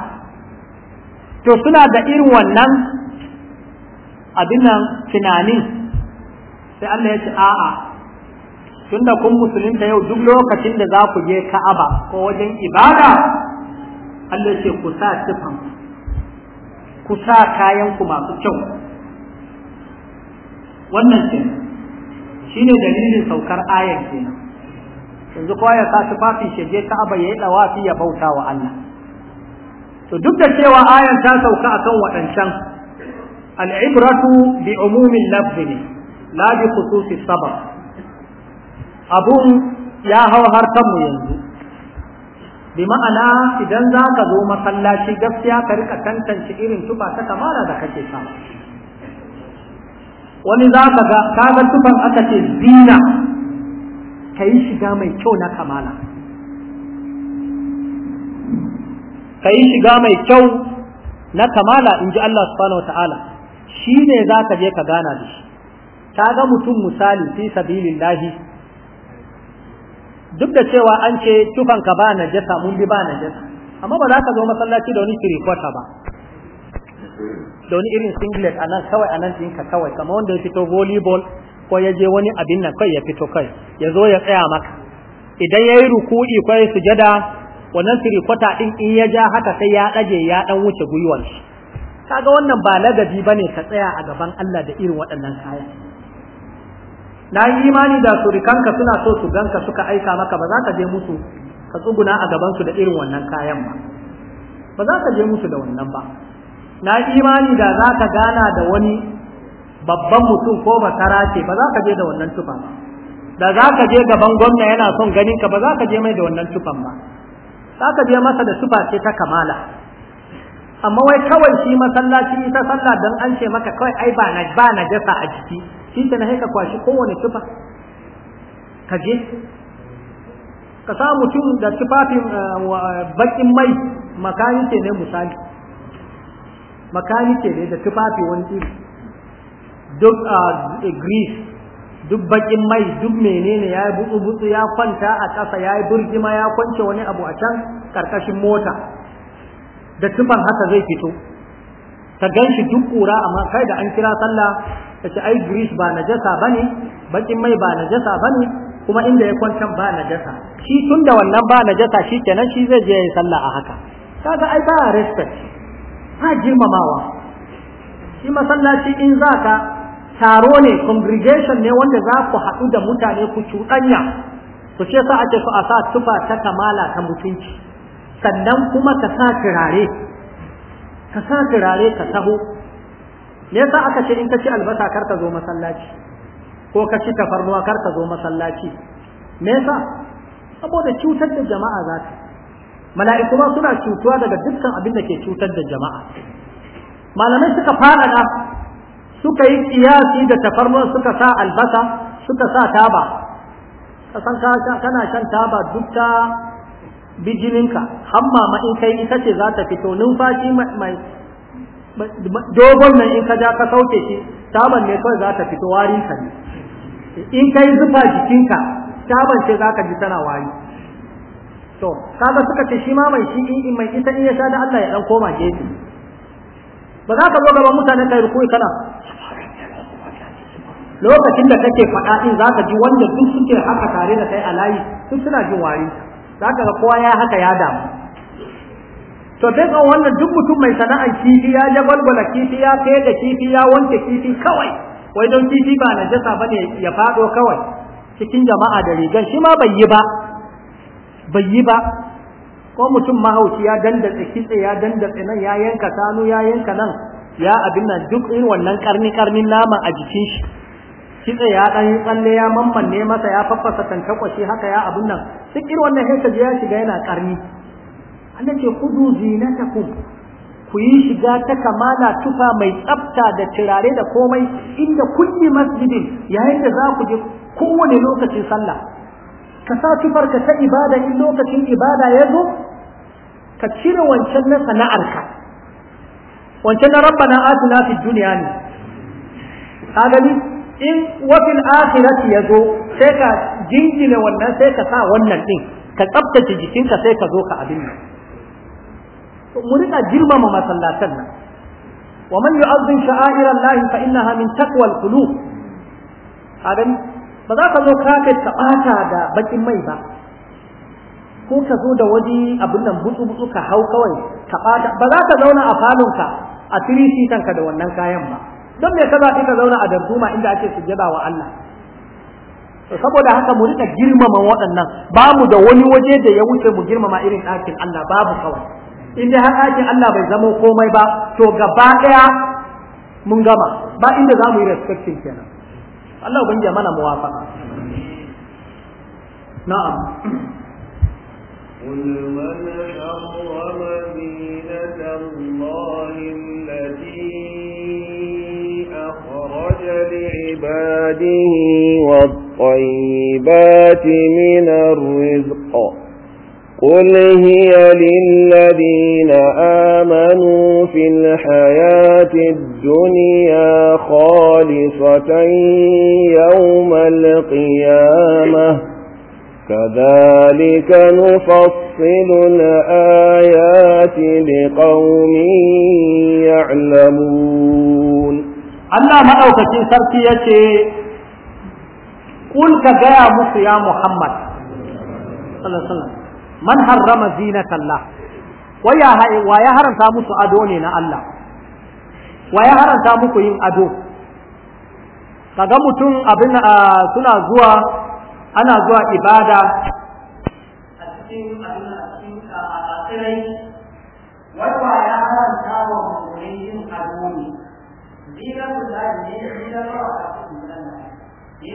to suna da irin wannan abin tunanin sai Allah ya ce a'a tunda kun musulunta yau duk lokacin da za ku je Ka'aba ko wajen ibada Allah ce ku sa tufan ku sa kayan ku masu kyau wannan ce shine dalilin saukar ayar kenan yanzu kowa ya sa tufafin shi je Ka'aba ya yi dawafi ya bauta wa Allah to duk da cewa ayar ta sauka akan waɗancan al'ibratu bi umumin lafzi ne la bi khususi sabab abun ya hau har mu yanzu bi ma'ana idan za ka zo masallaci gaskiya ka rika tantance irin tufa ta kamala da kake sa wani za ka ga kaga tufan aka ce zina ka yi shiga mai kyau na kamala ka yi shiga mai kyau na kamala in ji Allah subhanahu ta'ala shi ne za ka je ka gana da shi ta ga mutum misali fi sabilillahi duk da cewa an ce tufanka ba najasa mun bi ba najasa amma ba za ka zo masallaci da wani shirikwata ba da wani irin singlet a nan kawai a nan ɗinka kawai kamar wanda ya fito volleyball ko ya je wani abin nan kai ya fito kai ya zo ya tsaya maka idan ya yi ruku'i ko ya sujada wannan sirikwata ɗin in ya ja haka sai ya ɗage ya ɗan wuce gwiwar shi kaga wannan ba ladabi bane ka tsaya a gaban Allah da irin waɗannan kaya na yi imani da surikanka suna so su ganka suka aika maka ba za ka je musu ka tsuguna a gabansu da irin wannan kayan ba ba za ka je musu da wannan ba na yi imani da za ka gana da wani babban mutum ko bakara ce ba za ka je da wannan tufa ba da za ka je gaban gwamna yana son ganin ka ba za ka je mai da wannan tufan ba za ka je masa da tufa ce ta kamala amma wai kawai shi masallaci ita sallah dan an ce maka kawai ai ba na ba na jasa a jiki shi na kwashi kowane tufa ka je ka sa mutum da tufafin eh, bakin mai ke ne misali ke ne da tufafi wani iri duk ah, eh, greece duk bakin mai duk menene ya yi butsu-butsu ya kwanta a ƙasa ya yi burgima ya kwance wani abu a can ƙarƙashin mota da tufan haka zai fito ka gan shi duk kura amma kai da an kira sallah ka ce ai grease ba najasa bane bakin mai ba najasa bane kuma inda ya kwantan ba najasa shi tun da wannan ba jasa shi kenan shi zai je ya sallah a haka kaga ai ba respect ba girmamawa shi masallaci in za ka taro ne congregation ne wanda za ku haɗu da mutane ku cuɗanya ku ce sa ake so a sa tufa ta kamala ta mutunci sannan kuma ka sa turare ka sa turare ka taho me yasa aka ce in ka ci albasa kar ka zo masallaci ko ka ci tafarnuwa kar ka zo masallaci me yasa saboda cutar da jama'a za ta mala'iku ma suna cutuwa daga dukkan abin da ke cutar da jama'a malamai suka faɗaɗa suka yi kiyasi da tafarnuwa suka sa albasa suka sa taba kasan kana shan taba dukka bijininka hamma ma in kai ita ce za ta fito numfashi mai dogon nan in ka ja ka sauke shi taban ne kawai za ta fito warin ka ne in kai zufa jikinka taban ce za ka ji tana wari to kaga suka ce shi ma mai shi in mai ita in ya sha da Allah ya dan koma gefe ba za ka zo gaban mutane kai ruku kana lokacin da kake faɗa din za ka ji wanda duk suke haka tare da kai a layi duk suna jin wari za ka ga kowa ya haka ya damu to sai kan wannan duk mutum mai sana'ar kifi ya jagwalgwala kifi ya kai da kifi ya wanke kifi kawai wai don kifi ba na jasa ba ne ya fado kawai cikin jama'a da rigar shi ma bai yi ba bai ba ko mutum mahauci ya dandatse kitse ya dandatse nan ya yanka sanu ya yanka nan ya abin nan duk irin wannan karni karnin naman a jikin shi kitse ya ɗan tsalle ya mamman ne masa ya faffasa tantakwashi haka ya abin nan duk irin wannan haka ya shiga yana karni Allah ce kudu zinatakum ku yi shiga ta kamala tufa mai tsafta da turare da komai inda kulli masjidin yayin da za ku je kowane lokacin sallah ka sa tufarka ta ibada in lokacin ibada ya zo ka cire wancan na sana'arka wancan na rabbana atina fid dunya ne ka in wafin akhirati ya zo sai ka jingina wannan sai ka sa wannan ɗin. ka tsabtace jikinka sai ka zo ka abin nan mu rika girmama masallatan nan wa man yu'azzim sha'air Allah fa innaha min taqwa al-qulub adam ba za ka zo ka kai ka da bakin mai ba ko ka zo da wani abin nan butsu butsu ka hau kawai ka bata ba za ka zauna a falonka a tirisi kanka da wannan kayan ba don me ka zaɓi ka zauna a darduma inda ake sujjada wa Allah saboda haka mu rika girmama waɗannan ba mu da wani waje da ya wuce mu girmama irin ɗakin Allah babu kawai in dai har ɗakin Allah bai zama komai ba to gaba ɗaya mun gama ba inda za mu yi respecting kenan Allah ubangiji mana muwafaqa na'am قل من حرم دينة الله التي أخرج لعباده الطيبات من الرزق قل هي للذين آمنوا في الحياة الدنيا خالصة يوم القيامة كذلك نفصل الآيات لقوم يعلمون الله ما أوكتين سرتي kun gaya musu ya Muhammad man harrama zinatallah wa ya wa ya haranta musu ado ne na Allah wa ya haranta muku yin ado kaga mutum abin suna zuwa ana zuwa ibada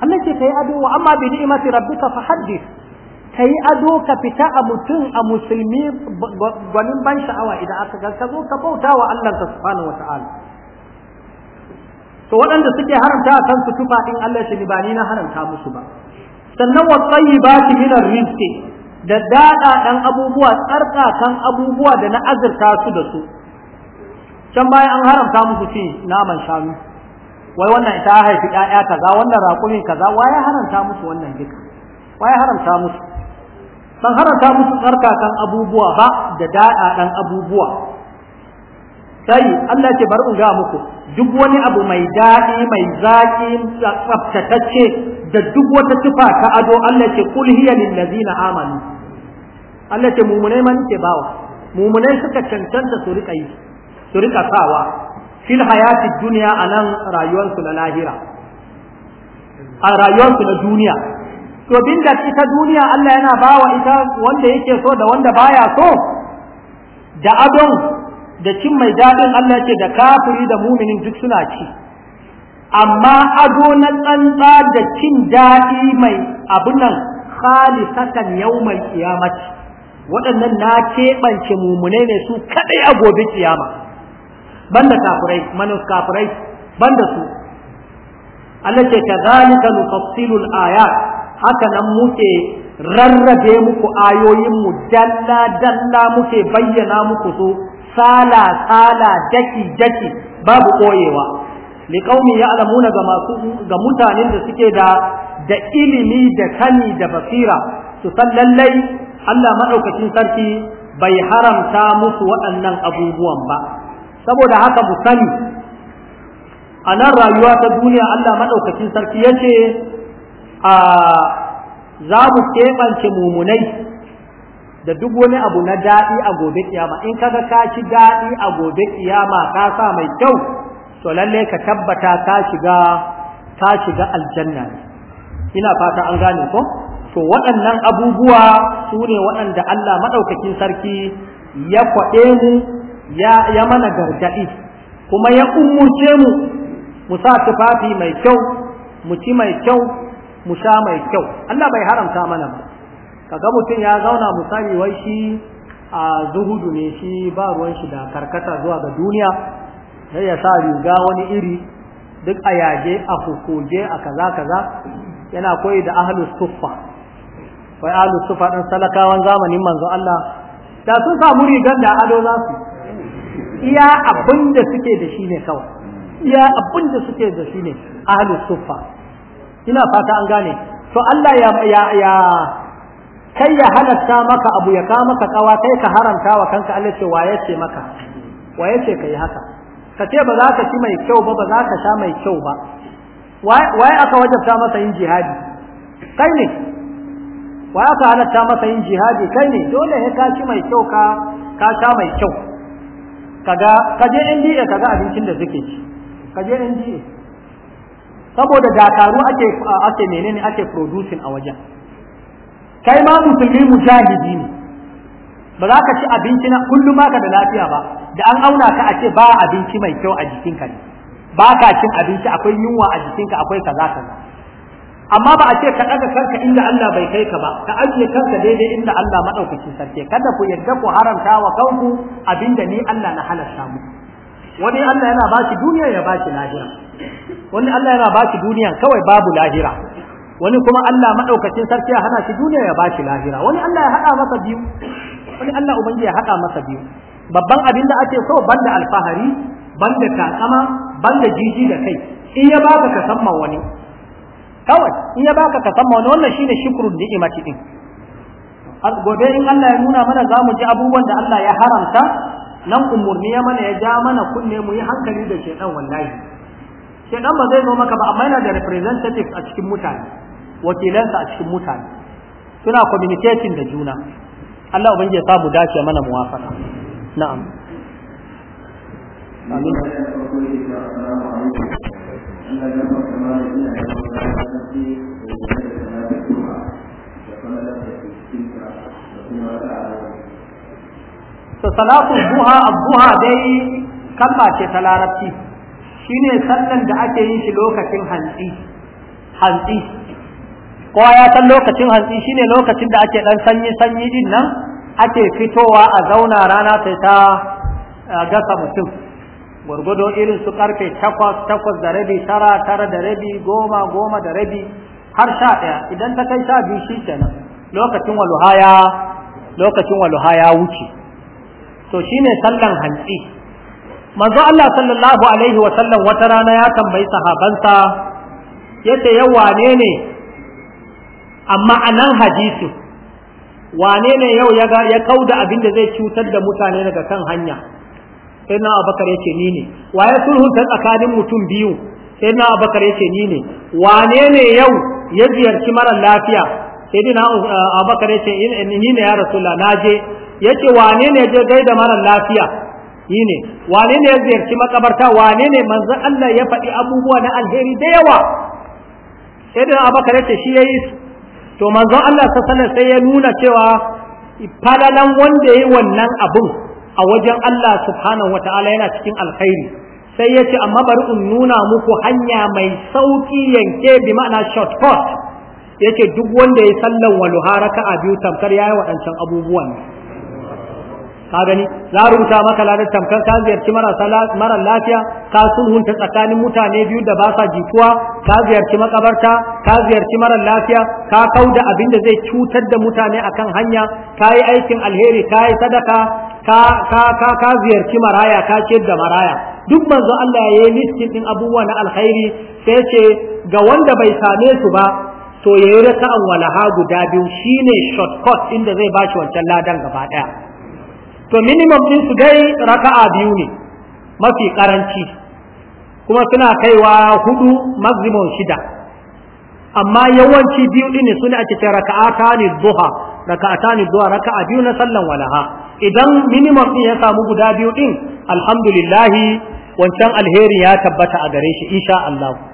Allah ce yi ado wa amma bi ni'mati rabbika fa haddith kayi ado ka fita a mutum a musulmi gwanin ban sha'awa idan aka ga ka zo ka bauta wa Allah subhanahu wa ta'ala to waɗanda suke haramta a kansu tufa in Allah shi ba ni na haramta musu ba sannan wa tayyibati min rizqi da dada dan abubuwa tsarka kan abubuwa da na azurta su da su can baya an haramta musu cin naman shanu wai wannan ta haifi ƴaƴa kaza wannan raƙumin kaza wa ya haranta musu wannan duka Wa ya haranta musu san haranta musu tsarkakan abubuwa ba da da'a dan abubuwa sai Allah ce bar unga ga muku duk wani abu mai daɗi mai zaƙi tsaftatacce da duk wata tufa ta ado Allah ce kul hiya lil ladina amanu Allah ce mumunai man ke bawa mumunai suka cancanta su rika yi su rika sawa fil hayati duniya a nan rayuwarsu na lahira a rayuwarsu na duniya to da ita duniya Allah yana bawa ita wanda yake so da wanda baya so da adon da cin mai daɗin Allah ce da kafiri da muminin duk suna ci amma ado na tsantsa da cin daɗi mai abun nan khalisatan mai qiyamati waɗannan na keɓance mumune ne su kaɗai a gobe kiyama banda kafirai manus kafirai banda su Allah ce ka zalika nufassilu al-ayat haka nan muke rarrabe muku ayoyin mu dalla dalla muke bayyana muku su sala sala daki daki babu koyewa qaumi ya'lamuna ga masu ga mutanen da suke da da ilimi da kani da basira su san lallai Allah madaukakin sarki bai haramta musu waɗannan abubuwan ba saboda haka mu sani a nan rayuwa ta duniya Allah maɗaukacin sarki ya ce a za mu keɓance mumunai da duk wani abu na daɗi a gobe kiyama in kaga ka ci daɗi a gobe kiyama ka sa mai kyau to lallai ka tabbata ka shiga ka shiga aljanna ina fata an gane ko to waɗannan abubuwa sune waɗanda Allah maɗaukakin sarki ya kwaɗe mu ya mana gargaɗi kuma ya umurce mu mu sa tufafi mai kyau mu ci mai kyau mu sha mai kyau Allah bai haramta mana ba kaga mutum ya zauna misali wai shi a zuhudu ne shi ba ruwan shi da karkata zuwa ga duniya sai ya sa riga wani iri duk a yaje a kokoje a kaza kaza yana koyi da ahlus suffa wai ahlus suffa dan salakawan zamanin manzo Allah da sun samu rigar da ado za iya abin da suke da shi ne kawai iya abin da suke da shi ne ahlu sufa ina fata an gane to Allah ya ya ya kai ya halatta maka abu ya kawo maka kawa kai ka haramta wa kanka Allah ce waye ce maka waye ce kai haka ka ce ba za ka ci mai kyau ba ba za ka sha mai kyau ba waye aka wajabta masa yin jihadi kai ne waye aka halatta masa yin jihadi kai ne dole ya ka ci mai kyau ka ka sha mai kyau kaga kaje NDA kaga abincin da suke ci kaje NDA saboda dakaru ake ake menene ake producing a wajen kai ma musulmi mujahidi ne ba za ka ci abinci na kullum ka da lafiya ba da an auna ka a ce ba abinci mai kyau a jikinka ne ba ka cin abinci akwai yunwa a jikinka akwai kaza kaza amma ba a ce ka ɗaga kanka inda Allah bai kai ka ba ka ajiye kanka daidai inda Allah maɗaukacin sarki kada ku yarda ku haramta wa kanku abinda ni Allah na halarta mu wani Allah yana ba shi duniya ya ba shi lahira wani Allah yana ba shi duniya kawai babu lahira wani kuma Allah maɗaukacin sarki ya hana shi duniya ya ba shi lahira wani Allah ya haɗa masa biyu wani Allah ubangiji ya haɗa masa biyu babban abin da ake so banda alfahari banda takama banda jiji da kai in ya baka ka samma wani kawai in ya baka ka san wani wannan shine shukrun ni'imati din gobe in Allah ya nuna mana za mu ji abubuwan da Allah ya haramta nan umurni ya mana ya ja mana kunne mu yi hankali da shedan wallahi shedan ba zai zo maka ba amma yana da representative a cikin mutane wakilansa a cikin mutane suna communicating da juna Allah ubangiji ya samu dace mana muwafaka na'am amin to salatu buha abuha dai kam'a ce ta larabci shine sallan da ake yin shi lokacin hantsi hantsi kowa ya san lokacin hantsi shine lokacin da ake dan sanyi sanyi din nan ake fitowa a zauna rana sai ta gasa mutum gwargwado irin su karfe takwas takwas da rabi tara tara da rabi goma goma da rabi har sha ɗaya idan ta kai sha biyu shi kenan lokacin waluhaya lokacin waluhaya wuce to shine sallan hanci. manzo Allah sallallahu alaihi wa sallam wata rana ya tambayi sahabansa yace yau wane ne amma anan hadisi wane ne yau ya kauda abin da zai cutar da mutane daga kan hanya sai na abakar ya ce ni ne sulhu ta tsakanin mutum biyu sai na abakar ya ni ne wane ne yau ya ziyarci mara lafiya sai dina uh, abakar ya ni ne ya rasulullah na je ya ce wane ne je gaida mara lafiya ni ne wane ne ya ziyarci makabarta wane ne manzon Allah ya faɗi abubuwa na alheri da yawa sai dina abakar ya shi ya yi to manzon Allah sallallahu alaihi sai ya nuna cewa falalan wanda ya yi wannan abun a wajen Allah subhanahu wata'ala yana cikin alkhairi sai ya ce amma bari in nuna muku hanya mai sauƙi yanke bi ma'ana shortcut ya ce duk wanda ya sallan waluha ka biyu tamkar ya yi waɗancan abubuwan ka gani za rubuta maka ladar tamkar ka ziyarci mara lafiya ka sulhunta tsakanin mutane biyu da ba sa jituwa ka ziyarci makabarta ka ziyarci mara lafiya ka da abin da zai cutar da mutane akan hanya ka yi aikin alheri ka yi sadaka ka ziyarci maraya ka ce da maraya duk manzo Allah ya yi listin din abubuwa na alkhairi sai ce ga wanda bai same su ba to yayi raka'an walaha guda biyu shine shortcut inda zai bashi wancan ladan gaba daya to minimum din su dai raka'a biyu ne mafi karanci kuma suna kaiwa hudu maximum shida amma yawanci biyu din ne suna ake cewa raka'ata ne duha ta ne duha raka'a biyu na sallan walaha idan minimum din ya samu guda biyu din alhamdulillah wancan alheri ya tabbata a gare shi insha Allah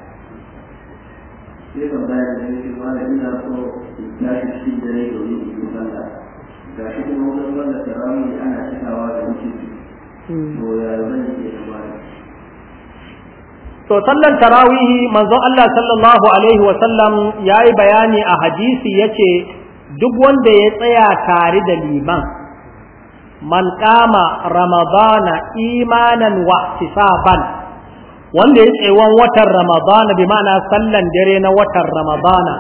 Hmm. to sallan tarawihi manzon Allah sallallahu alaihi wa sallam yayi bayani a hadisi yace duk wanda ya tsaya tare da liman man kama ramadana imanan wa ihtisaban wanda ya tsayuwan watan ramadana bi ma'ana sallan dare na watan ramadana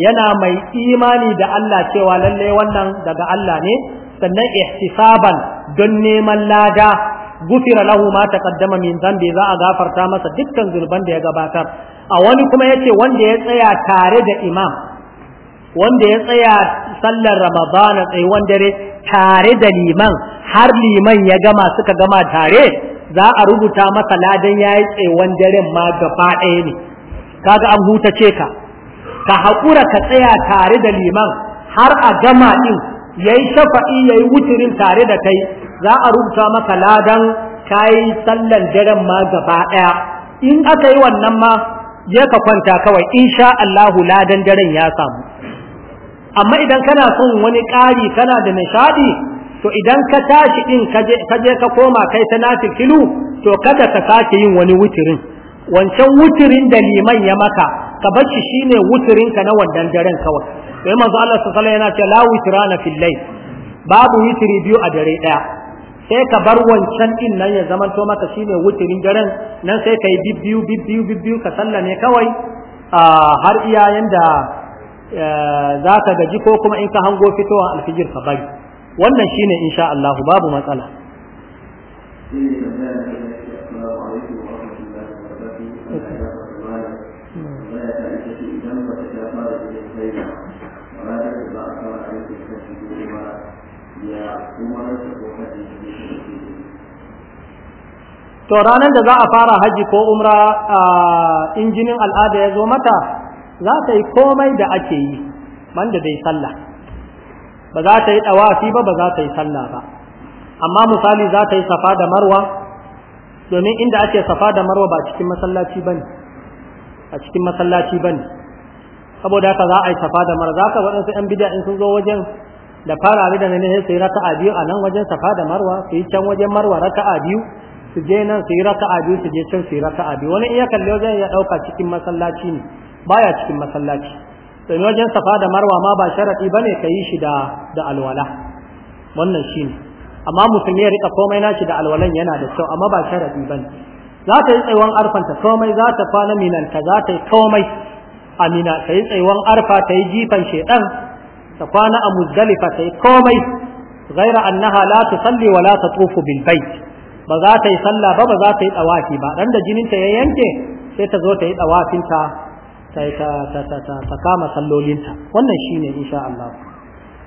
yana mai imani da Allah cewa lalle wannan daga Allah ne sannan ihtisaban don neman lada gufira lahu ma taqaddama min zambi za a gafarta masa dukkan zulban da ya gabatar a wani kuma ya ce wanda ya tsaya tare da imam wanda ya tsaya sallar ramadana wanda dare tare da liman har liman ya gama suka gama tare za a rubuta masa ladan yayi tsayuwan daren ma gaba ɗaya ne kaga an hutace ka ka haƙura ka tsaya tare da liman har a gama ɗin yayi shafa'i yayi wutirin tare da kai za a rubuta maka ladan yi sallan daren ma gaba daya in aka yi wannan ma je ka kwanta kawai insha Allah ladan daren ya samu amma idan kana son wani ƙari kana da nishaɗi, to idan ka tashi din ka je ka koma kai ta nafi filu to kada ka sake yin wani wutirin wancan wutirin da liman ya maka ka bacci shine wutirinka na wannan daren kawai sai manzo Allah sallallahu alaihi yana ce la witrana fil layl babu witiri biyu a dare daya sai ka bar wancan din nan ya zaman to maka shine wutirin daren nan sai kai bibbiyu bibbiyu bibbiyu ka sallame kawai har iya yanda e, zaka gaji ko kuma in ka hango fitowa alfijir ka bari wannan shine insha Allah babu matsala to ranar da za a fara haji ko umra a injinin al'ada ya zo mata za ta yi komai da ake yi wanda dai sallah ba za ta yi dawafi ba ba za ta yi sallah ba amma misali za ta yi safa da marwa domin inda ake safa da marwa ba cikin masallaci bane a cikin masallaci bane saboda haka za a yi safa da marwa za ka waɗansu 'yan bida in sun zo wajen da fara da na ne sai raka'a biyu a nan wajen safa da marwa su yi can wajen marwa raka'a biyu su je nan su yi raka'a biyu su je can su yi raka'a biyu wani iya kalle wajen ya dauka cikin masallaci ne baya cikin masallaci Sai wajen safa da marwa ma ba sharadi bane ka yi shi da da alwala wannan shine amma musulmi ya rika komai nashi da alwalan yana da kyau amma ba sharadi bane za ta yi tsaiwan arfanta komai za ta kwana minanta za ta yi komai amina ta yi tsaiwan arfa ta yi jifan shedan ta kwana a muzdalifa ta yi komai غير أنها لا تصلي ولا تطوف بالبيت ba za ta yi sallah ba ba za ta yi tsawafi ba dan da jininta ya yanke sai ta zo ta yi tsawafinta ta ta ta kama sallolinta wannan shine insha Allah